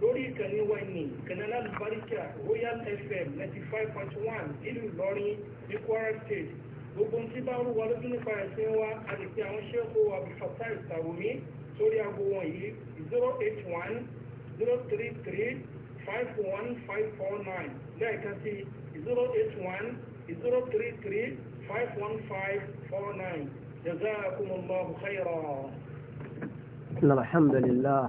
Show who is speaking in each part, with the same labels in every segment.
Speaker 1: lórí ìkànnì wa ní kanada barika royal fm ninety five point one nílùú ìlọrin ní kwara state gbogbo tí bá rú wa lójú nípa ẹ̀sìn wa a lè pe àwọn ṣẹ́kù abdulfatai sàwùmí sórí aago wọ̀nyí zero eight one zero three three five one five four nine lẹ́ẹ̀kan sí zero eight one zero three three five one five four nine jazakumullahu khairan. الحمد لله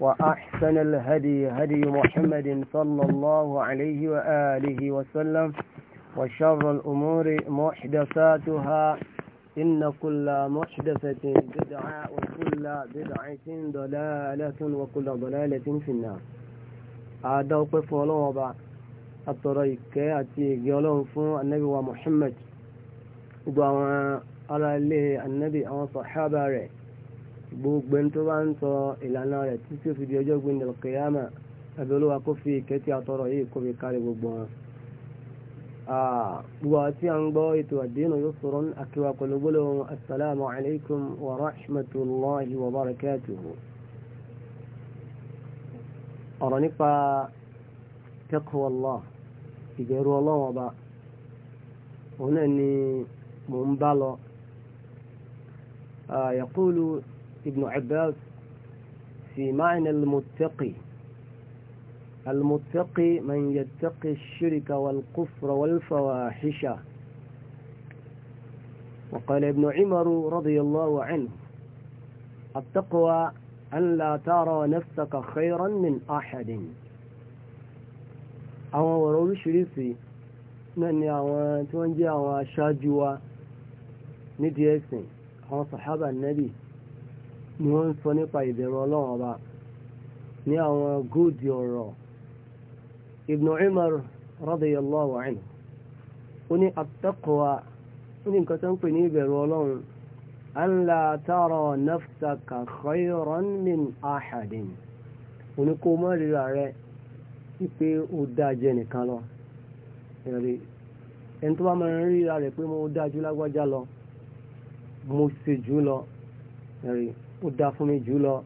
Speaker 1: وأحسن الهدي هدي محمد صلى الله عليه وآله وسلم وشر الأمور محدثاتها إن كل محدثة بدعة وكل بدعة ضلالة وكل ضلالة في النار هذا وقف ولوضع الطريق أتي قولهم فون النبي ومحمد وعلى النبي وصحابه gbogbo ẹni tó bá ń sọ ìlànà rẹ̀ títí ó fi di ọjọ́ gbé nílò kìyàmà àbí olúwa kó fi ìkẹ́tì àtọrọ yìí kó fi kárí gbogbo wọn. gbogbo àti à ń gbọ́ ètò àdéhùn yóò sọ̀rọ̀ àkíwá pẹ̀lú gbólóhùn asalaamu alaykum wa rahmatulahi wa barakatuhu. ọ̀rọ̀ nípa taqwallah ìbẹ̀rù ọlọ́wọ́n ọba òun náà ni mò ń bá lọ. ابن عباس في معنى المتقي المتقي من يتقي الشرك والكفر والفواحش وقال ابن عمر رضي الله عنه التقوى أن لا ترى نفسك خيرا من أحد أو ورول شريفي náà ni تونجي tí wọ́n jẹ́ أو صحابة النبي ni wọ́n ń sọ nípa ìbẹ̀rù ọlọ́run ọba ní àwọn góòdì ọ̀rọ̀ Ibn Umar radiyallahu anhu ó ní at-taqwa ó ní nǹkan tó ń pè ní ìbẹ̀rù ọlọ́run an la tara nafsaka khayran min ahadin ó ní kó mọ́ rírà rẹ wípé ó dájẹ́ nìkan lọ ẹ̀rí ẹni tó bá máa ń rírà rẹ̀ pé mo dájú lágbájá lọ mo ṣe jù lọ ẹ̀rí ó dá fún mi jù lọ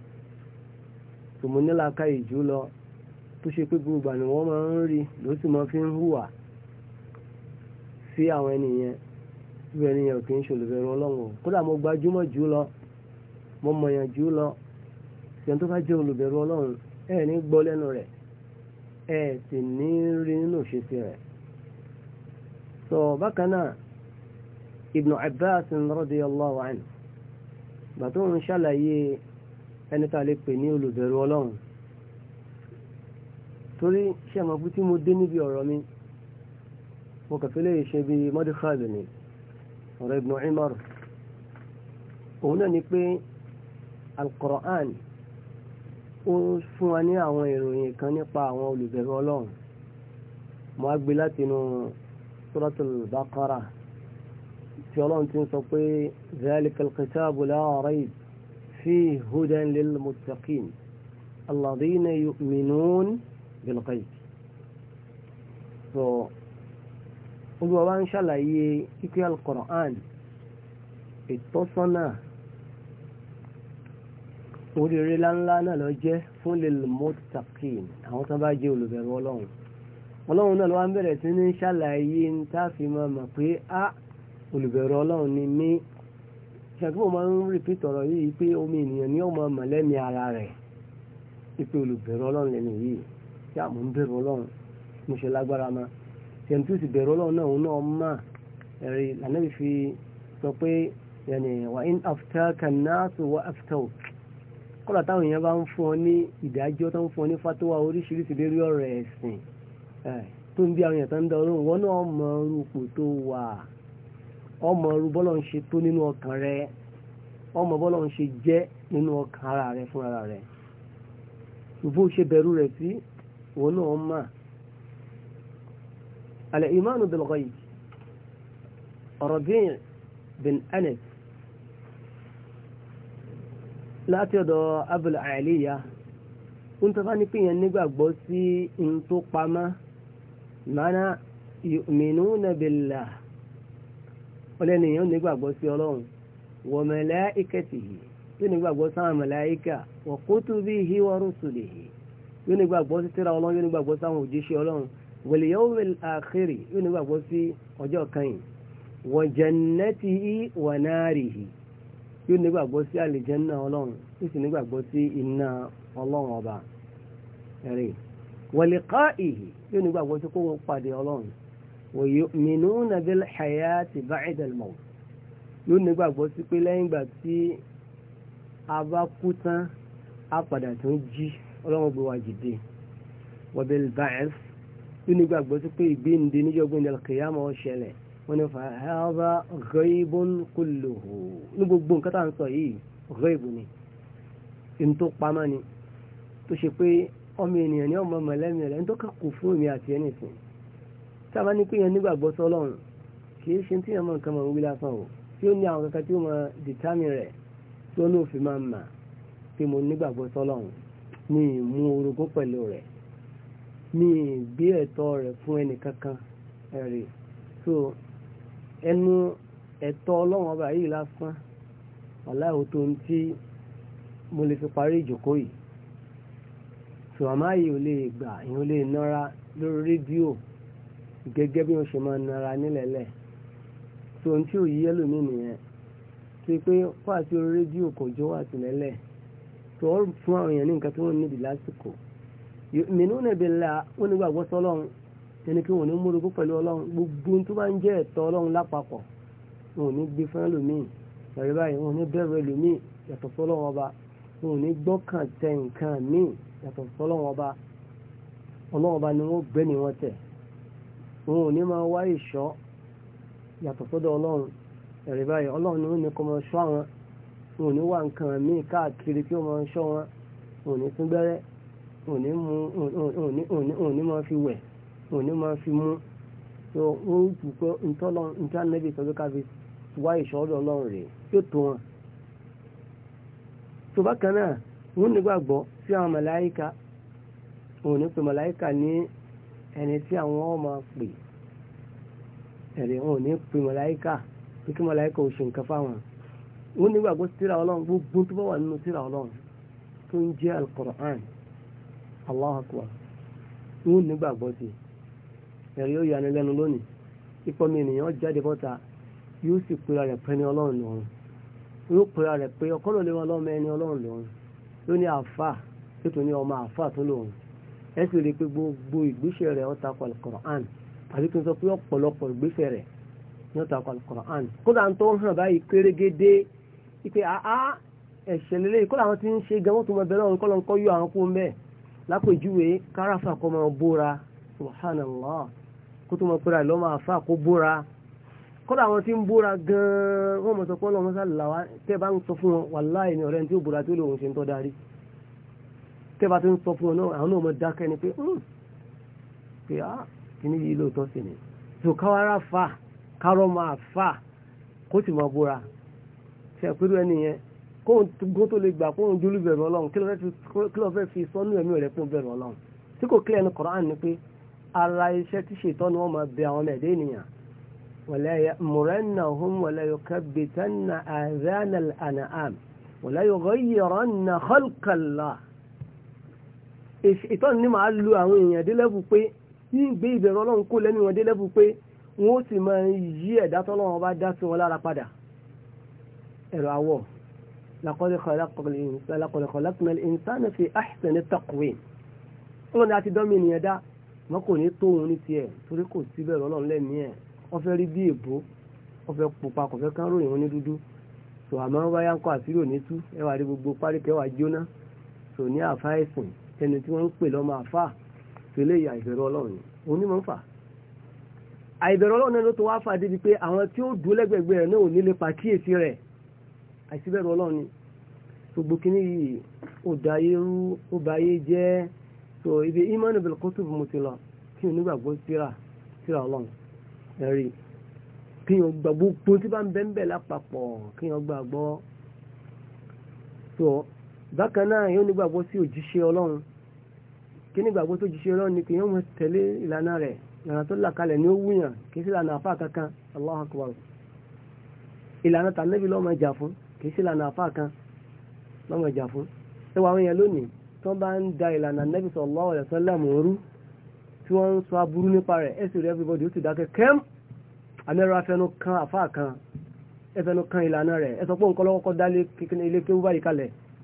Speaker 1: tòmọ́ nílàáká yìí jù lọ tó ṣe pé gbogbo ni wọ́n máa ń rí ló sì máa fi ń hùwà sí àwọn ènìyàn síbẹ̀ ènìyàn kì í ṣòlùbẹ̀rù ọlọ́run kódà mo gbajúmọ̀ jù lọ mo mọ̀yàn jù lọ ṣèyàn tó bá jẹ́ olùbẹ̀rù ọlọ́run ẹ̀ ní gbọ́ lẹ́nu rẹ̀ ẹ̀ sì ní rí nínú òṣèṣe rẹ̀ sọ bákan náà Ibn Abbas radiyallahu anhu ìgbà tó ń ṣàlàyé ẹni tá a lè pè ní olùbẹ̀rù ọlọ́run torí ṣé àmọ́ pé tí mo dé níbi ọ̀rọ̀ mi mo kàn fi lè ṣe bí mọ́díkàlì ni ọ̀rọ̀ Ibn Umar òun náà ni pé Al-Qur'an ó fún wa ní àwọn ìròyìn kan nípa àwọn olùbẹ̀rù ọlọ́run mo á gbé látinú Suratul Baqarah tí ọlọ́run ti ń sọ pé zalikal kitabu la rayb fi hudan lil muttaqin alladhina yu'minun bil ghaib so olúwa wa ń ṣàlàyé kíkẹ́ al-Qur'an ìtọ́sọ́nà oríire láńlá náà lọ jẹ́ fún lil muttaqin àwọn tó bá jẹ́ olùbẹ̀rù ọlọ́run ọlọ́run náà ló ń bẹ̀rẹ̀ sí ní ṣàlàyé ń tá mọ̀ pé a. olùbẹ̀rù ọlọ́run ni mí ṣàkóso máa ń repeat ọ̀rọ̀ yìí pé omi ènìyàn ní ọmọ mọ̀lẹ́mí ara rẹ̀ pípé olùbẹ̀rù ọlọ́run lẹ́nu yìí tí àmọ́ ń bẹ̀rù ọlọ́run mo ṣe lágbára ma ṣe ó sì bẹ̀rù ọlọ́run náà náà mà ẹ̀rí lànàbí fi sọ pé wà in aftaka nnasu wà o kọ́lá táwọn èèyàn bá ń fún ọ ní ìdájọ́ tó ń fún ọ ní fatuwa oríṣiríṣi lérí ọ̀rọ̀ ẹ̀sìn tó ń bí àwọn èèyàn tó ń wọn náà mọ ọmọ ọrú bọ́lọ̀ ń ṣe tó nínú ọkàn rẹ ọmọ bọ́lọ̀ ń ṣe jẹ́ nínú ọkàn ara rẹ fún ara rẹ bó ṣe bẹ̀rù rẹ̀ sí òun náà mà alẹ́ ìmánu bẹ̀rọ̀ yìí ọ̀rọ̀ bíi bin anas láti ọ̀dọ̀ abul aliya ń tọ́ka ní pé yẹn nígbàgbọ́ sí n tó pamọ́ mana yu'minuna billah ọlẹ́ni yẹn ó nígbàgbọ́ sí ọlọ́run wa malaikatihi yóò nígbàgbọ́ sáwọn màláíkà wa kutubihi wa rusulihi yóò nígbàgbọ́ sí tírà ọlọ́run yóò nígbàgbọ́ sáwọn òjíṣẹ́ ọlọ́run wal yawmil akhiri yóò nígbàgbọ́ sí ọjọ́ kẹyìn wa jannatihi wa narihi yóò nígbàgbọ́ sí àlìjẹ́nà ọlọ́run yóò sì nígbàgbọ́ sí iná ọlọ́run wa yu'minuna bil hayati ba'dal maut yóò nígbàgbọ́ sí pé lẹ́yìn ìgbà tí a bá kú tán a padà tó ń jí ọlọ́run gbé wa jìde wa bil ba'th yóò nígbàgbọ́ sí pé ìgbéǹde níjọ́gbọ́n ní al-qiyamah ó ṣẹlẹ̀ wọ́n ní fàáhàbà ghaibun kulluhu ní gbogbo nǹkan tá à ń sọ yìí ghaibun ni n tó pamọ́ ni tó ṣe pé ọmọ ènìyàn ní ọmọ mọ̀lẹ́mìí rẹ̀ ń tó kà kù fún mi àti ẹnìsìn sábà ní pé yẹn nígbàgbọ́ sọ́lọ́run kì í ṣe tí yẹn mọ̀ nǹkan mọ̀ wí lásán o tí ó ní àwọn kankan tí ó máa determine rẹ̀ tí ó lóòfin máa mà pé mo nígbàgbọ́ sọ́lọ́run ní ìmú orogún pẹ̀lú rẹ̀ ní ìgbé ẹ̀tọ́ rẹ̀ fún ẹnì kankan ẹ̀rì so ẹnu ẹ̀tọ́ ọlọ́run ọba yìí lásán aláìwò tó ń tí mo lè fi parí ìjókòó yìí so àmáyé ò lè gbà èèyàn lè nara lórí rédíò gẹ́gẹ́ bí wọ́n ṣe máa nara nílẹ̀lẹ̀ tó ohun tí ò yí yẹ́lò mí nìyẹn tó pé wà sí orí rédíò kò jó wà sí lẹ́lẹ̀ tó ọ fún àwọn èèyàn ní nǹkan tí wọ́n níbi lásìkò mìíràn níbi la wọ́n ní gbàgbọ́ sọ́lọ́run ẹni pé wọ́n ní múrogún pẹ̀lú ọlọ́run gbogbo tó bá ń jẹ́ ẹ̀tọ́ ọlọ́run lápapọ̀ wọn ní gbé fún ẹlòmíì ẹ̀rí báyìí wọn ní bẹ̀rù ẹlòmíì yàtọ̀ sọ́lọ́run ọba wọn ní gbọ́kàn tẹ nǹkan míì yàtọ̀ sọ́lọ́run ọba ọlọ́run ọba ni wọ́n gbé wọ́n tẹ̀ wọn ò ní máa wá ìṣọ́ yàtọ̀ sọ́dọ̀ ọlọ́run ẹ̀rí báyìí ọlọ́run ni wọ́n ní kó máa ṣọ́ àwọn wọn ò ní wá nǹkan míì káàkiri kí wọ́n máa ṣọ́ wọn wọn ò ní tún gbẹ́rẹ́ wọn ní máa fi wẹ̀ wọn ní máa fi mú wọn ń tù pé níta nẹ́bí sọ ká fi wá ìṣọ́ ọ̀dọ̀ ọlọ́run rèé yóò tó wọn. tó bákan náà wọn nígbàgbọ́ sí àwọn màláíkà wọn ní pe màláíkà ní ẹni tí àwọn ọmọ pè ẹ̀rẹ̀ wọn ò ní pè mọ̀láyíkà pé kí mọ̀láyíkà ò ṣe nǹkan fáwọn wọn nígbàgbọ́ tíra ọlọ́run gbogbo tó bá wà nínú tíra ọlọ́run tó ń jẹ́ alukoran Allahu wọn nígbàgbọ́ sí ẹ̀rẹ̀ yóò yanu lẹ́nu lónìí ipò mi jáde bọ́ta yóò sì pera rẹ̀ ní ọlọ́run lọ́run yóò pera rẹ̀ pé ọkọ́ ọlọ́run ẹni ọlọ́run lọ́run lónìí àfà tó ní ọmọ àfà tó ẹ sì rí i pé gbogbo ìgbésẹ̀ rẹ̀ ó tako alukoran àbí kí n sọ pé ọ̀pọ̀lọpọ̀ ìgbésẹ̀ rẹ̀ ni ó tako alukoran kódà ń tó hàn báyìí kérégédé ipe àá ẹ̀ṣẹ̀ lélẹ̀ kódà àwọn tí ń ṣe gan wọ́n tún mọ bẹ̀rẹ̀ ọ̀run kọ́lọ́ ńkọ́ yọ àwọn kó mẹ́ẹ̀ lápèjúwe káráfà kọ́ máa bóra subhanallah kó tó mọ pé àìlọ́ máa fà kó bóra kódà gan-an wọ́n mọ̀ sọ pé ọlọ́run sá làwọn tẹ́ bá ń sọ fún wọn wàláì ní tẹ́bà tó ń sọ fún ọ náà àwọn náà mọ̀ dákẹ́ ni pé hmm, pé á ah, kíní yìí lóòótọ́ sí ni tó káwárà fà kárọ̀ máa fà kó sì máa bóra ṣe pẹ̀lú ẹni yẹn kóun gún tó lè gbà kóun jólú bẹ̀rù ọlọ́run kí ló fẹ́ fi sọ́nù ẹ̀mí rẹ̀ fún bẹ̀rù ọlọ́run tí kò kílẹ̀ ní Kùránì ni pé ara iṣẹ́ tí ṣètọ́ ni wọ́n máa bẹ àwọn ẹ̀dẹ́ ènìyàn wala ya'murannahum wala yukabbitanna adhana al-an'am wala yughayyiranna khalqa ìtọ́ni ni màá lu àwọn èèyàn délẹ́bù pé tí ń gbé ìbẹ̀rù ọlọ́run kó lẹ́nu wọn délẹ́bù pé wọ́n ó sì máa yí ẹ̀dá tọ́lọ́run bá dá sí wọn lára padà ẹ̀rọ awọ lakọ̀lẹ̀kọ̀lẹ̀ ìnsánà fi ahsani taqwim wọn dá ti dánmi ènìyàn dá wọn kò ní tó òun ní tiẹ̀ torí kò sí bẹ̀rù ọlọ́run lẹ́mìí ẹ̀ wọ́n fẹ́ rí bí èbó wọ́n fẹ́ pupa kò fẹ́ kán ròyìn wọn ní dúdú tò àmọ́ wáyà ń kọ́ àṣírí òní tú ẹwà rí gbogbo páríkẹ́ wà jóná tò ní àfáìsìn ẹni tí wọ́n ń pè lọ́mọ àfà tẹ́lẹ̀ yà ìbẹ̀rù ọlọ́run onímọ̀ ń fà àìbẹ̀rù ọlọ́run ló tó wá fà débi pé àwọn tí ó dúró lẹ́gbẹ̀gbẹ̀ rẹ̀ náà ò ní lè pàkíyèsí rẹ̀ àìsíbẹ̀rù ọlọ́run ni gbogbo kínní yìí ó da irú ó ba ayé jẹ́ so ibi imanu bil kutub mo ti lọ kí n nígbàgbọ́ síra síra ọlọ́run ẹ̀rí kí n gbàgbọ́ gbogbo tí bá ń bẹ́ńbẹ̀ lápapọ̀ kí n gbàgbọ́ bákan náà yóò nígbàgbọ́ sí òjíṣẹ́ ọlọ́run kí nígbàgbọ́ tó jíṣẹ́ ọlọ́run ni kí yóò mọ̀ tẹ̀lé ìlànà rẹ̀ ìlànà tó là kalẹ̀ ní ó wúyàn kì í sí ìlànà àfáà kankan Allahu Akbar ìlànà tànẹ́bí lọ́mọ ìjà fún kì í sí ìlànà àfáà kan lọ́mọ ìjà fún ẹ wà àwọn èèyàn lónìí tó bá ń da ìlànà nẹ́bí sallallahu alaihi wasallam òru tí wọ́n ń sọ everybody ó ti dákẹ́ kẹ́m amẹ́rọ afẹnu kan àfáà kan ẹfẹnu kan ìlànà rẹ̀ ẹ sọ pé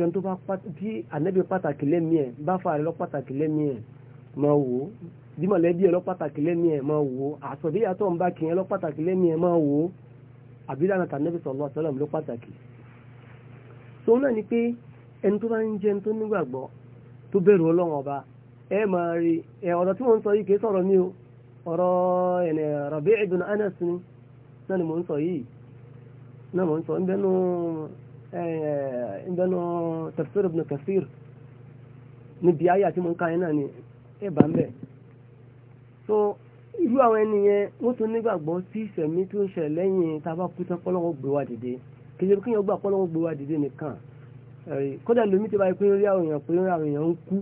Speaker 1: sọ tó bá tí ànábì pàtàkì lẹ́mí ẹ̀ bá fà rẹ lọ pàtàkì lẹ́mí ẹ̀ máa wò ó bí mọ̀lẹ́bí ẹ̀ lọ pàtàkì lẹ́mí ẹ̀ máa wò ó àsọ̀bíyà tó ń bá kìí ẹ̀ lọ lẹ́mí ẹ̀ máa wò ó àbílànà tànábì sallallahu alaihi wasallam tó náà ni pé ẹni tó bá ń jẹun tó nígbàgbọ́ tó bẹ̀rù ọlọ́run ọba ẹ Rabi' ibn Anas ni náà ni mò ń ìbẹnu tafsir ibn kathir níbi ayé àti mọ̀ká yẹn náà ni ẹ bá ń bẹ̀. so irú àwọn ẹni yẹn wọ́n tún nígbàgbọ́ sí ìṣẹ̀mí tó ń ṣẹ̀ lẹ́yìn tá a bá kú tán pọ́lọ́wọ́ gbé wa dìde kìí kí yẹn gbà pọ́lọ́wọ́ gbé wa dìde nìkan kódà lómi ti báyìí pé ń rí àwọn èèyàn pé ń rí àwọn èèyàn ń kú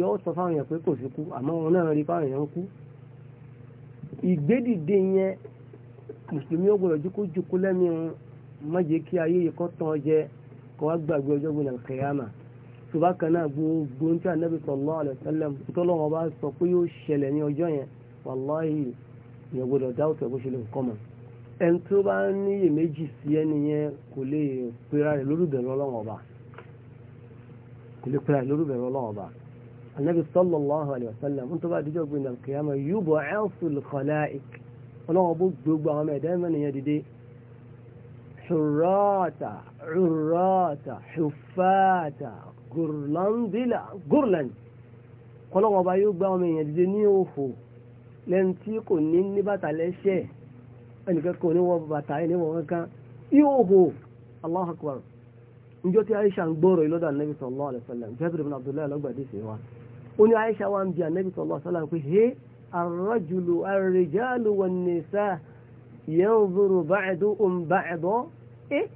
Speaker 1: yọ sọ fáwọn èèyàn pé kò sí kú àmọ́ wọn náà rí fáwọn èèyàn kú. ìgbédìde yẹn mùsùlùmí ó jókòó jókòó lẹ́mìí má jẹ́ kí ayé yìí kọ́ tán jẹ kọ́ wá gbàgbé ọjọ́ gbọ́n náà tó bá kan náà gbogbo tí anabi sallallahu alaihi wasallam tọ́lọ́wọ́ bá sọ pé yóò ṣẹlẹ̀ ní ọjọ́ yẹn wàláhì ìyẹn gbọ́dọ̀ dáwọ́ tẹ̀ bó ṣe lè kọ́ mọ́ ẹni tó bá ní iyèméjì sí ẹni yẹn kò lè pera rẹ̀ lórúbẹ̀rẹ̀ ọlọ́wọ́ ọba kò lè pera sallallahu alaihi wasallam tó bá dijọ́ gbọ́n náà kẹ́yàmà yub'athul khalaiq ọlọ́wọ́ bó gbogbo àwọn ẹ̀dá ẹ̀mẹ́niyàn حراتا عراتا حفاتا gurlandila gurland kọlọ́wọ́ ọba yóò gbá ọmọ èèyàn dìde ní òfò lẹ́nu tí kò ní ní bàtà lẹ́sẹ̀ ẹnìkan kò ní wọ bàtà ẹni wọ kankan ìhòhò Allahu Akbar njọ́ tí Aisha ń gbọ́rọ̀ ìlọ́dọ̀ anabi sallallahu alaihi wasallam Jabir ibn Abdullahi lọ́gbàdì sí wa ó ní Aisha yanzuru ba'duhum ba'dan ẹ́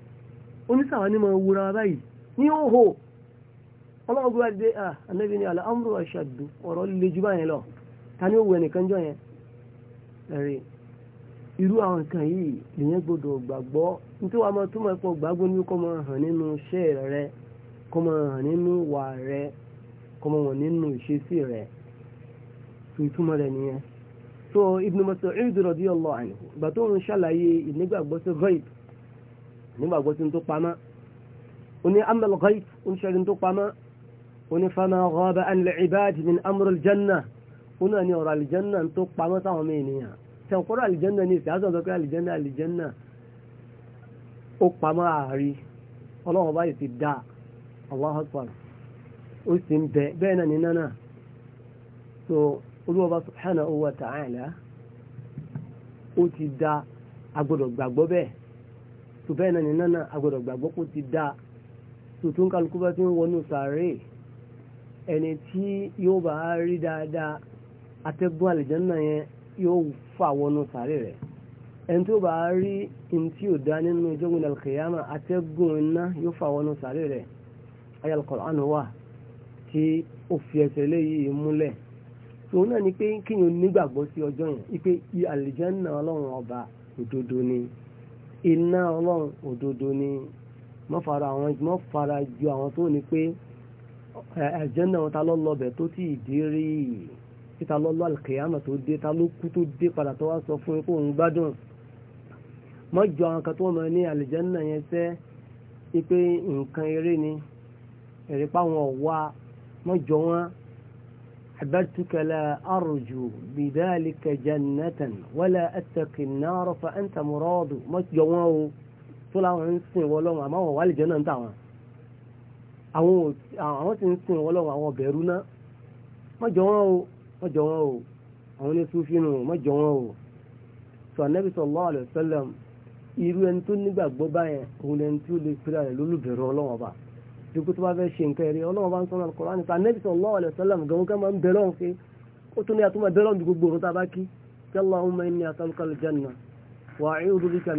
Speaker 1: oníṣàwà ní ma wúra báyìí ní òhò ọlọ́gbọ́ àdé à anábì ní ọ̀rọ̀ lè jù báyẹn lọ ta ni ó wù ẹnìkan jọ yẹn ẹ̀rẹ̀ irú àwọn nǹkan yìí lèyẹn gbọdọ̀ gbàgbọ́ nítorí wàá máa túmọ̀ ẹ̀pọ̀ gbàgbọ́ ní kọ́ máa hàn nínú iṣẹ́ rẹ kọ́ máa hàn nínú wà rẹ kọ́ máa hàn nínú ìṣesí rẹ tó so Ibn Mas'ud radiyallahu anhu ìgbà tó ń ṣàlàyé ìnígbàgbọ́ sí ghaib nígbàgbọ́ sí tó pamọ́ ó ní amal ghaib ó ń ṣàlàyé tó pamọ́ ó ní fama ghaba an al-ibad min amr al-janna ó náà ní ọ̀rọ̀ al-janna tó pamọ́ sáwọn ọmọ ènìyàn tẹ̀kọ́rọ̀ al-janna ní ìsìn àtúntò pé al-janna ó pamọ́ àárí ọlọ́run báyìí ti dá Allahu Akbar ó sì ń bẹ́ẹ̀ náà ní náà so olúwọba subhanahu wa ta'ala ó ti da agbọ́dọ̀ gbàgbọ́ bẹ́ẹ̀ tó bẹ́ẹ̀ náà nínú náà agbọ́dọ̀ gbàgbọ́ kó ti da tó tó ń kálukú bá ti ń wọnú sàárè ẹni tí yóò bá rí dáadáa atẹ́gùn àlìjànnà yẹn yóò fà wọnú sàárè rẹ̀ ẹni tó bá rí ntí ò dá nínú ìjọ́gun al-qiyama iná yóò fà wọnú sàárè rẹ̀ ayé wà tí ó ẹsẹ̀ léyìí múlẹ̀. tòun náà ni pé kíyàn nígbàgbọ́ sí ọjọ́ yẹn ipe àlìjánná ọlọ́run ọba òdodo ni iná ọlọ́run òdodo ni mọ́ fara àwọn mọ́ fara ju àwọn tó ní pé wọn ta tó tí dé rí títa tó dé ta ló kú tó dé padà tó wá sọ fún òun gbádùn àwọn أحببتك لا أرجو بذلك جنة ولا أتقي النار فأنت مراد ما جواه طلع عنسين ولو ما هو والي جنة دعوة àwọn àwọn tí ń sìn wọn lọ́wọ́ àwọn bẹ̀rù náà má jọ wọn o má jọ wọn o àwọn ní sùfínù má jọ wọn o sọ anábì sallallahu alaihi wasallam irú ẹni tó nígbàgbọ́ báyẹn òun lẹni tí ó lè pèrè rẹ̀ lólùbẹ̀rù ọlọ́wọ́ bá dugutu ba bá fẹ́ ṣe nǹkan ẹ̀rí ọlọ́run bá ń sọ́nà Al-Qur'an nípa Ànábì sallallahu alaihi wasallam gan gan máa ń bẹ̀rẹ̀ ọ̀hún pé ó tún ní àtúmọ̀ bẹ̀rẹ̀ ọ̀hún gbogbo ndị a Allahumma inni as'aluka wa a'udhu bika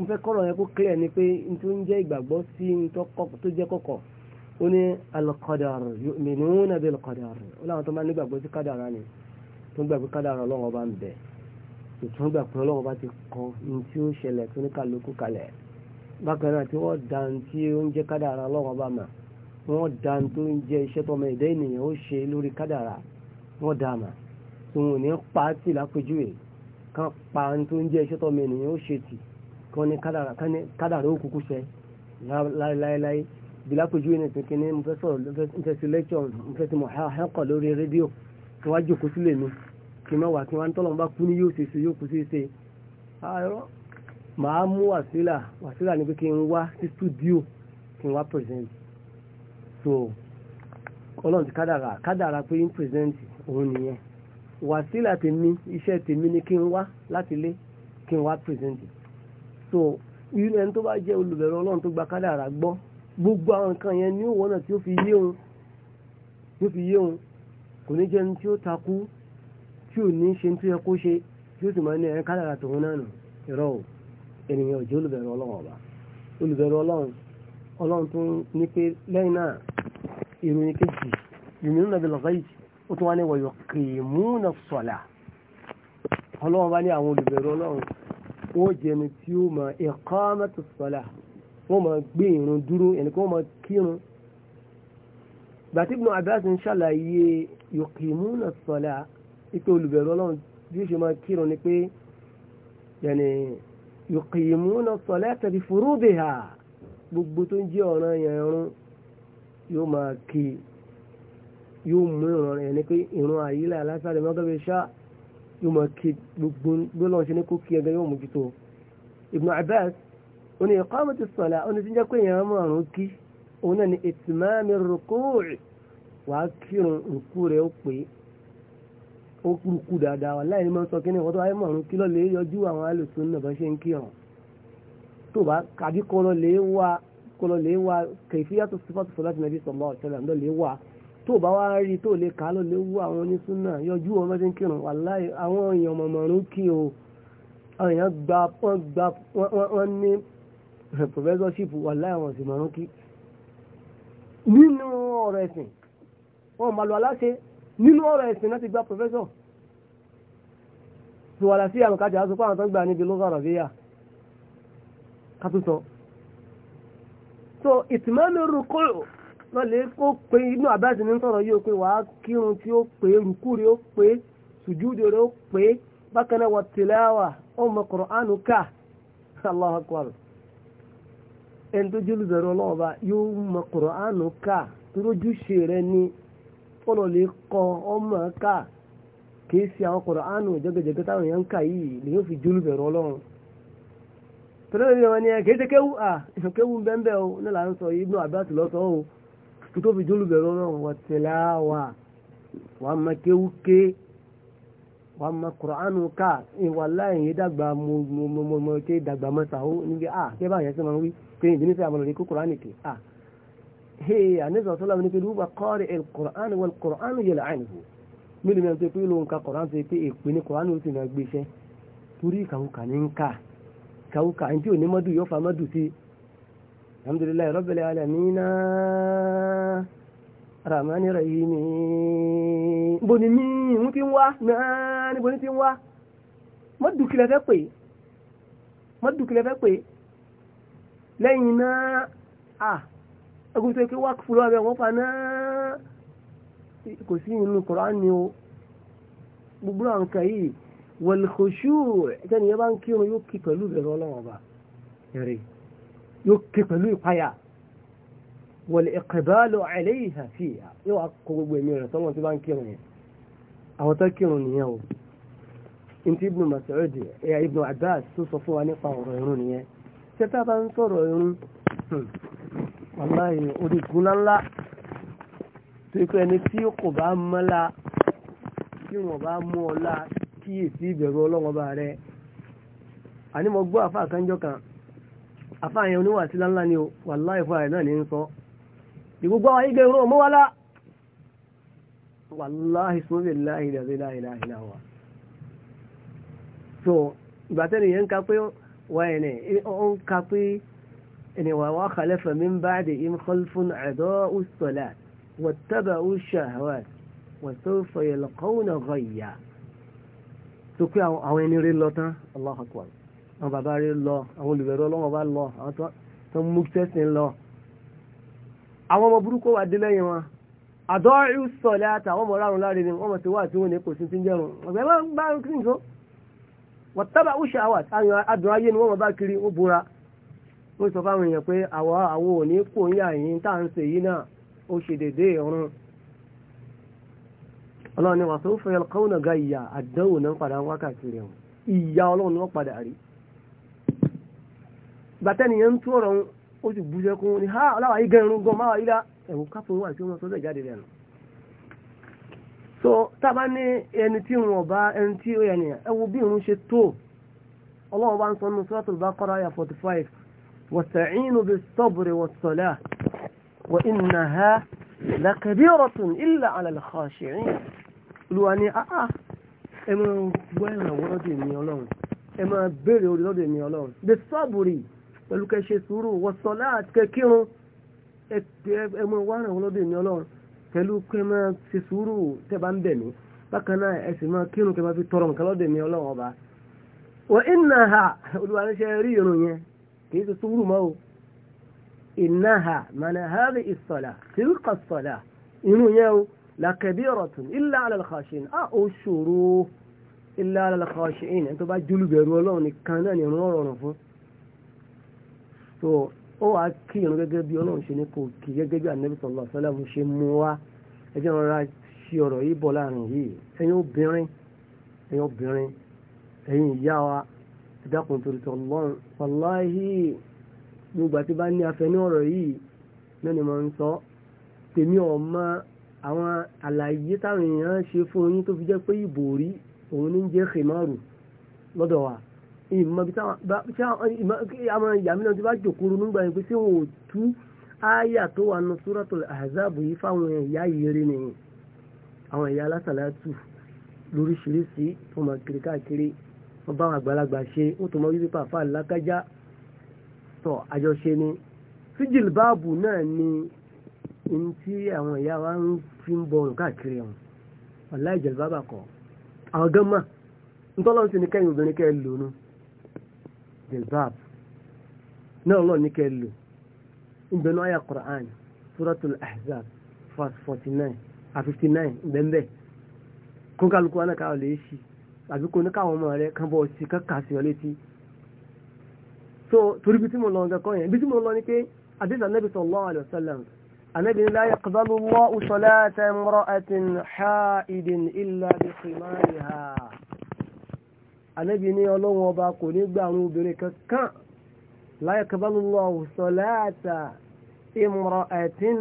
Speaker 1: nar mo clear n ó ní alqadar yu'minuna bil qadar ó láwọn tó máa nígbàgbọ́ sí kádàrá ni tó ń gbà pé kádàrá ọlọ́run ọba ń bẹ tó ń gbà pé ọlọ́run ọba ti kọ ní tí ó ṣẹlẹ̀ tó ní kálukú kalẹ̀ bákan náà tí wọ́n da ní tí ó ń jẹ́ kádàrá ọlọ́run ọba mà wọ́n da ní tó ń jẹ́ iṣẹ́ tọmọ ẹ̀dá ènìyàn ó ṣe lórí kádàrá wọ́n da mà tó ní pa á tì lápèjúwe pa ní tó ń jẹ́ bílápẹ̀jú ẹni tẹ̀kẹ́ ní mo fẹ́ sọ̀rọ̀ mo fẹ́ sí lẹ́kṣọ̀ mo fẹ́ sí mọ̀ hẹ́kọ̀ lórí rédíò kí wọ́n á jòkó sílẹ̀ mi kí n má wà kí wọ́n ń tọ́lọ̀ bá kú ní yóò ṣe ṣe yóò kú sí ṣe àárọ̀ ah, màá mú wàsílà wàsílà ni pé kí n wá sí stúdíò kí wá pẹ̀sẹ̀ntì so ọlọ́run ti kádàrà kádàrà pé ń pẹ̀sẹ̀ntì òun nìyẹn wàsílà tèmi iṣẹ́ tèmi ni kí n wá láti lé kí n wá pẹ̀sẹ̀ntì so irú ẹni tó bá jẹ́ olùbẹ̀rù ọlọ́run tó gba kádàrà gbọ́ gbogbo àwọn nǹkan yẹn ní òwò náà tí ó fi yé òun kò ní jẹ́ tí ó takú tí ò ní ṣe yẹ kó ṣe tí ó sì máa ní ẹ̀rẹ́ kádàrà tòun náà nù ènìyàn òjò olùbẹ̀rù ọlọ́run ọba ọlọ́run tó ní pé lẹ́yìn náà ìròyìn kejì ó tún wá ní wọ̀yọ̀ náà ọlọ́run bá ní àwọn wọ́n máa gbé irun dúró ẹni kí wọ́n máa kírun gbàtí Ibn Abbas ń ṣàlàyé yuqimuna sọ̀lá ipe olùbẹ̀rù ọlọ́run bí ó ṣe máa kírun ni pé yẹni yuqimuna sọ̀lá tàbí furudiha gbogbo tó ń jẹ́ ọ̀ràn yẹn irun yóò máa kí yóò mú ìrọ̀rùn ẹni pé ìrun àyílẹ̀ alásàrẹ̀ mọ́tọ́bẹ̀ ṣá yóò máa kí gbogbo gbọ́lọ́ọ̀ṣẹ́ òní ìkọ́mọ̀tì sọ̀lá òní tí ń jẹ́ pé èèyàn mọ̀ ọ̀run kí òun náà ni ìtìmáàmì rùkúrì wàá kírun rùkú rẹ̀ ó pé ó kúrukú dáadáa wà láì ní mọ́ sọ kíní ìwọ́n tó wáyé mọ̀ kí lọ́lẹ̀ yọjú àwọn alùsùn náà bá ṣe ń kírun tó bá kàbí kọlọ́lẹ̀ wá kọlọ́lẹ̀ wá kẹfíyàtò sífàtò sọ̀lá ti nàbí sọ̀lá ọ̀tẹ́lẹ̀ lọ́lẹ̀ wá tó bá wá rí tó lè kà á lọ́lẹ̀ wá àwọn onísùn náà yọjú ọmọ tí ń kírun wà láì àwọn èèyàn mọ̀mọ̀rún kí o àwọn èèyàn gba wọ́n ní professorship wà láwọn sì máa ń kí nínú ọ̀rọ̀ ẹ̀sìn wọn màlúù aláṣẹ nínú ọ̀rọ̀ ẹ̀sìn láti gba professor tí wà láti àwọn kájà aṣọ fáwọn tó gbà níbi ló sọ̀rọ̀ bí so ìtìmọ́lẹ̀ rúkọ́ lọ lè kó pé inú àbáṣe ní sọ̀rọ̀ yìí ó pé wàá kírun tí ó pé rúkú rẹ̀ ó pé sùjúdè rẹ̀ ó pé bákan náà wà tìlẹ́wà ó mọ Kùránù ká Allahu Akbar ẹni tó jẹ́lu bẹ̀rù ọlọ́run bá yóò mọ kùránù ká tórójúṣe rẹ ní fọlọ́ lè kọ ọmọ ká kìí ṣe àwọn kùránù jẹgẹjẹgẹ táwọn èèyàn ń kà yìí lè yóò fi jẹ́lu bẹ̀rù ọlọ́run tọ́lá ní ìwọ̀n kìí ṣe kéwù à ìṣọ̀kéwù bẹ́ẹ̀ o ní là ń sọ Ibnu Abbas lọ́sọ̀ o tó fi jẹ́lu bẹ̀rù ọlọ́run wọ̀ tẹ̀lá wa wàá mọ kéwù ké wàá mọ kùránù ká ìwà láìyé dàgbà mọ̀mọ̀mọ̀ ké dàgbà mọ́ta ó níbi à ah, kẹ́ bá yẹn sí máa ń wí pé ìdí nífẹ̀ẹ́ àmọ́ lórí kó kùránù kì à hey àníṣà sọ́lá mi ní pé lùbà kọ́ọ̀rì ẹ̀ kùránù wọ́n kùránù yẹlẹ̀ àìníhù mílíọ̀nù mẹ́rin tó pé lóun ka kùránù tó pé èpè ní kùránù ó sì máa gbé iṣẹ́ torí kàwùkà ní ń kà kàwùkà àyìn tí ò ní mọ́dù yọ Alhamdulillah Rabbil Alamin ramani rahimi níbo ni mí ìhun ti ń wá náà níbo ni ti ń wá mọ́dùkìlẹ̀ fẹ́ pè mọ́dùkìlẹ̀ fẹ́ pè lẹ́yìn náà à ẹgbẹ́ tó kí wá fúlọ́ abẹ́ wọ́n pa náà kò sí inú Kùránì o gbogbo àwọn nǹkan yìí wọ̀lùkọ̀ṣù ẹ̀jẹ̀ nìyẹn bá ń kírun yóò kí pẹ̀lú ìbẹ̀rù ọlọ́wọ́n ọba yóò kí pẹ̀lú ìpayà. والإقبال عليها فيها yóò akọgbogbo ẹ̀mí rẹ̀ sọ́nà tí bá ń kírun yẹn àwọn tó kírun o ntí ibn Mas'ud ẹ̀yà ibnu Abbas tó sọ fún wa nípa ọ̀rọ̀ irun nìyẹn tẹ́tà bá ń sọ̀rọ̀ irun wàláyé orígun ńláńlá tó ikú ẹni tí kò bá mọ́lá tí wọ́n bá mú gbogbo àwọn igbe ìrún ọmọwálá wàláhì sóbè láhì rẹ̀ láhì láhì láwà so ìgbàtẹ́ nìyẹn ń ka pé wà ẹ̀nẹ̀ ó ń ka pé ẹ̀nẹ̀ wà wá khalafa min ba'dihim khalfun a'da'u as-salat wattaba'u ash-shahawat wa sawfa yalqawna ghayya tó pé àwọn ẹni àwọn ọmọ burúkú wà dé lẹ́yìn wọn àdọ́ ìsọ̀lẹ̀ àtà àwọn ọmọ ọ̀rárun láre ni wọ́n mọ̀ sí wà tí wọ́n ní kò sí ti ń jẹun ọ̀gbẹ́ máa ń bá ń kí nìkan wọ́tábà ó ṣàwà adùn ayé ni wọ́n mọ̀ bá kiri ó bora ó sọ fáwọn èèyàn pé àwọ̀ àwọn ò ní kò ń yà yín tá à ń ṣe yìí náà ó ṣe dédé ọ̀run ọlọ́run ni wà tó fẹ́ kọ́wọ́n náà ga ìyà àdánwò náà padà wákàtí rẹ̀ ìyà ó sì bú sẹ́kún ní ha aláwa yìí gan irun gan máa yíra ẹ̀wù káfíń wà tí wọ́n sọ́sẹ̀ jáde lẹ́nu. so tábà ní ẹni tí wọn bá ẹni tí ó yẹn ẹ wo bí irun ṣe tó ọlọ́run bá ń sọ nínú Suratul Baqara ayà forty five wasta'inu bis-sabri was-salah wa innaha lakabiratun illa 'ala al-khashi'in olùwà ni àá ah, ah, ẹ máa gbọ́ ìrànwọ́ lọ́dọ̀ èmi ọlọ́run ẹ máa béèrè orí lọ́dọ̀ èmi ọlọ́run pẹ̀lú kẹ́ ṣe sùúrù wọ́sọ láti kẹ́ kírun ẹmọ wa ràn wọ́n lọ́dún ní ọlọ́run pẹ̀lú kẹ́ máa ṣe sùúrù tẹ́ bá ń bẹ̀ mí bákan náà ẹ sì máa kírun kẹ́ máa fi tọrọ nǹkan lọ́dún ní ọlọ́run ọba. wọ́n iná ha olùwà ní rí irun yẹn kì í ṣe sùúrù mọ́ o iná ha mànà hàbí ìsọ̀là tìrúkà sọ̀là irun yẹn o làkẹ́bí ọ̀rọ̀ tún ilá alàlùkàṣìn á ó ṣòro ilá alàlùkàṣìn ẹni tó bá jólúbẹ̀rù ọlọ́run nìkan náà ní irun so ó wàá kí irun gẹ́gẹ́ bí ọlọ́run ṣe ní kò kí gẹ́gẹ́ bí anabi sallallahu alaihi wasallam ṣe mú wa ẹjẹ́ rọra ṣe ọ̀rọ̀ yìí bọ̀ láàrin yìí ẹ̀yin obìnrin ẹ̀yin obìnrin ẹ̀yin ìyá wa ẹ̀dákun torí tọ̀ lọ́rùn wàláhì gbogbo àti bá ní afẹ́ ní ọ̀rọ̀ yìí náà mo ń sọ tèmi ọ̀ma àwọn àlàyé táwọn èèyàn ṣe fún yín tó fi jẹ́ pé ìbòrí òun ní jẹ́ khemaru lọ́dọ̀ wa ìmọ̀ bí táwọn ìyàmínà tí bá jòkúrú nígbà yẹn pé tí wọn ò tú ááyà tó wà nù Suratul Ahzab yìí fáwọn ẹ̀yà ìyẹrẹ nìyẹn àwọn ẹ̀yà alásàlátù lóríṣiríṣi wọn máa kiri káàkiri wọn bá àwọn àgbàlagbà ṣe wọn tó mọ wípé pàfà lákájá tọ àjọṣe ni fíjìl báàbù náà ni ní tí àwọn ẹ̀yà wa ń fi ń bọrùn káàkiri wọn wàláì jẹ̀lbábà kọ àwọn gánmà ń tọ́lọ́ sí ni kẹ́yìn obìnrin kẹ́ lónìí jilbab náà lọ ní kẹlò ìbẹ̀nú àyà Qur'an suratul ahzab verse forty nine à fifty nine bẹ́ẹ̀ kún kálukú wọn náà káwọn lè ṣí àbí kò ní káwọn ọmọ rẹ kán bọ̀ sí kán kà sí ọ létí so torí bí tí mo lọ ọ̀gá kọ́ yẹn bí tí mo lọ ni pé àdéhùn anábì sallallahu alaihi wasallam anábì la yaqbalu Allahu salata imra'atin ha'idin illa bi khimariha ànábì ní ọlọ́run ọba kò ní gba àwọn obìnrin kankan la yaqbalullahu salata imra'atin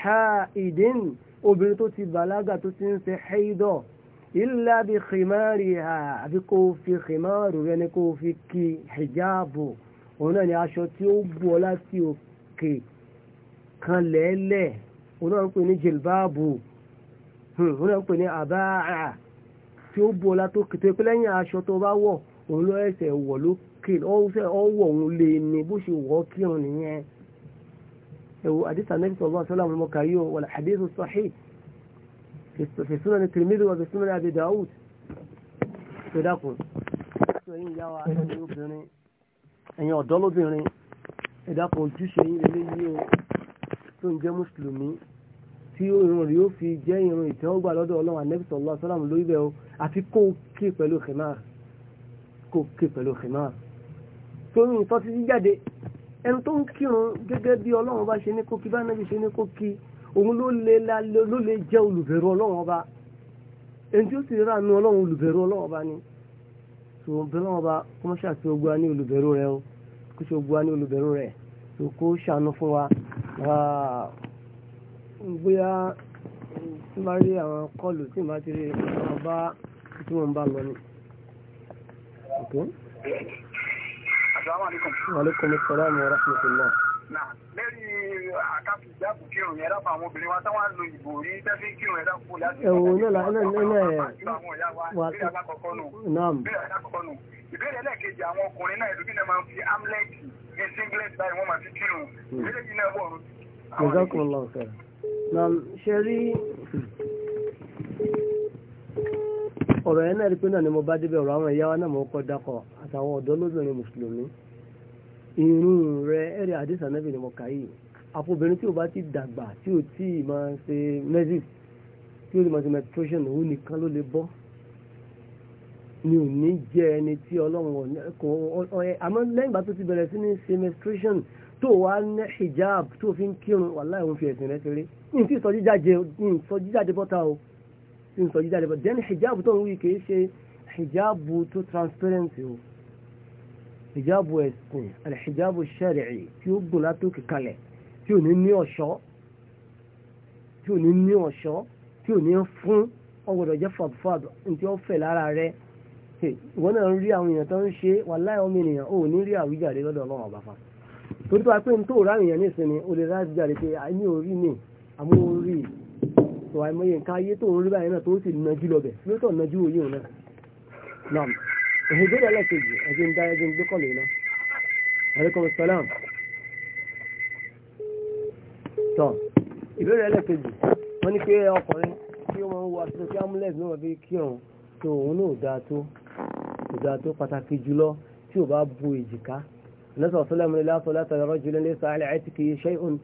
Speaker 1: ha'idin obìnrin tó ti bàlágà tó ti ń ṣe haidọ̀ illa bi khimariha àbí kó fi khimaru rẹ ni kó fi kí hijabu òun náà ni aṣọ tí ó bù ọ láti òkè kan lẹ́lẹ̀ òun náà ń pè ní jilbabu hmm, òun náà ń pè ní àbáà tí ó bu ọlá tó kìtọ́ pé lẹ́yìn aṣọ tó bá wọ̀ òun lọ ẹsẹ̀ wọ̀ lókè ọ̀sẹ̀ ọwọ̀ òun lè ní bó ṣe wọ̀ kírun nìyẹn ẹ̀wọ̀ àdìsá nẹ́bí sọ̀rọ̀ sọ́lá àwọn ọmọkà yìí wọ̀lá hadith sahih fi sunan Tirmidhi wa fi sunan Abi Dawud tó dákun ẹ̀yin ọ̀dọ́ lóbìnrin ẹ̀dákun ojúṣe yín lélẹ́yìí tí irun rẹ̀ yóò fi jẹ́ irun ìtẹ́wọ́gbà lọ́dọ̀ ọlọ́run anabi sallallahu alaihi wasallam lórí bẹ́ẹ̀ o àti kó ké pẹ̀lú khimar kó ké pẹ̀lú khimar torí nǹkan ti jáde ẹni tó ń kírun gẹ́gẹ́ bí ọlọ́run bá ṣe ní kó kí bá nàbì ṣe ní kó kí òun ló lè ló lè jẹ́ olùbẹ̀rù ọlọ́run ọba ẹni tí ó sì rà nu ọlọ́run olùbẹ̀rù ọlọ́run ọba ni tòun bóyá tí bá rí àwọn kọlù tí màá ti rí àwọn bá tí wọ́n bá lọ ní. Asalaamualeykum. Waaleykum salaam wa rahmatulah. Náà lẹ́rìí àkáfi ìjáàbù kírun yẹn lápá àwọn obìnrin wa táwọn lo ìbò rí tẹ́sí kírun yẹn dákú láti ọ̀pọ̀ Ìbéèrè ẹlẹ́ẹ̀kejì àwọn ọkùnrin náà ìlú bínú máa ń fi amlẹ́ẹ̀kì ní singlet báyìí wọ́n máa fi kírun. Hmm. Ìbéèrè yìí náà wọ̀ ṣe rí ọ̀rọ̀ yẹn náà rí pé náà ni mo bá débẹ̀ ọ̀rọ̀ àwọn ẹ̀yà wa náà mo kọ́ dakọ̀ àtàwọn ọ̀dọ́ lóbìnrin mùsùlùmí irun rẹ ẹ̀rẹ̀ àdìsá náà bì ni mo kà yìí àfọbìnrin tí o bá ti dàgbà tí o tí ì máa ṣe mẹ́sìs tí o ti máa ṣe menstruation òun nìkan ló lè bọ́ ni ò ní jẹ́ ẹni tí ọlọ́run ọ̀ àmọ́ lẹ́yìn ìgbà tó ti bẹ̀rẹ̀ sí ní ṣe menstruation tó wá ní hijab tó fi ń kírun wàláhì òun fi ẹ̀sìn rẹ̀ ṣeré ní tí ìsọjíjáde bọ́ta o tí ìsọjíjáde bọ́ta then hijab tó ń wí kìí ṣe hijab tó transparency o hijab ẹ̀sìn alhijab ṣẹ̀rẹ̀ tí ó gùn látòkè kalẹ̀ tí ò ní ní ọ̀ṣọ́ tí ò ní ní ọ̀ṣọ́ tí ò ní fún ọgbọ̀dọ̀ jẹ́ fàbfàb tí ó fẹ̀ lára rẹ̀ ìwọ náà ń rí àwọn èèyàn tó ń ṣe wàláhì ọmọ ènìyàn ò ní rí àwíjàre lọ́dọ̀ ọlọ́run ọ̀bàfà torí tó wá pé n tó rà èèyàn nísìnyí o lè rájú jáde pé àìní orí ni àmú orí tó àìmọye nǹkan ayé tó ń rí báyìí náà tó sì nàjú lọbẹ yóò tó nàjú òye òun náà nam èyí tó dẹ̀ lẹ́kejì ẹ̀jẹ̀ ń dá ẹ̀jẹ̀ ń gbé kọ́lé náà aleykum salaam tọ ìbéèrè ẹlẹ́kejì wọ́n ní pé ọkùnrin tí ó máa ń wọ aṣọ tí amúlẹ̀sì náà fi kírun tó òun náà ò dáa tó ò dáa tó pàtàkì jùlọ tí ò bá bu èjìká nọ́sọ̀ sọ́lẹ́mù ní láàfọ́ látàrí rọ́jù lẹ́lẹ́ sàálẹ̀ àìtíkì ṣe òun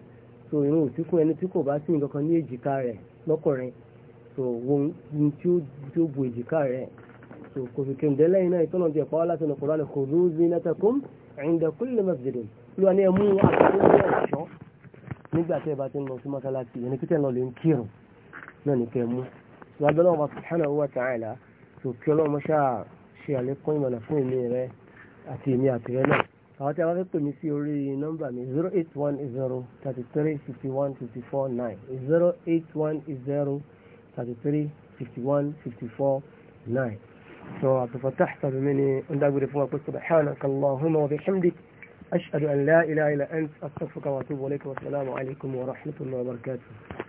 Speaker 1: tó irun òsì fún ẹni tí kò bá sí nǹkan kan ní èjìká rẹ̀ lọ́kùnrin tó wọn tí ó bu èjìká rẹ̀ tó kò fi kéde lẹ́yìn náà ìtọ́nà ti ẹ̀pá wá láti ọ̀nà kòrán kò rú sí natakum inda kulli masjidin ló wà ní ẹmú àtàkùn nígbà tí bá ti lọ sí mọ́sálásí ẹni kí tẹ́ lọ lè ń kírun náà ní kẹ́mú lábẹ́lẹ́ ọba subhanahu wa ta'ala tó kí ọlọ́run mọ́ṣáà ṣe àlékún ìmọ̀nà fún ìmí rẹ àti ìmí àtìrẹ náà àwọn tí a bá fẹ́ pè mí sí orí nọ́mbà mi zero eight one zero thirty three fifty one fifty four nine zero eight one zero thirty three fifty one fifty four nine. so Abdulfatah tàbí mi ni ń dágbére fún wa pé subhanaka Allahumma wa bihamdik ashhadu an la ilaha illa anta astaghfiruka wa atubu ilayk wa salaamu alaykum wa rahmatullahi wa barakatuh.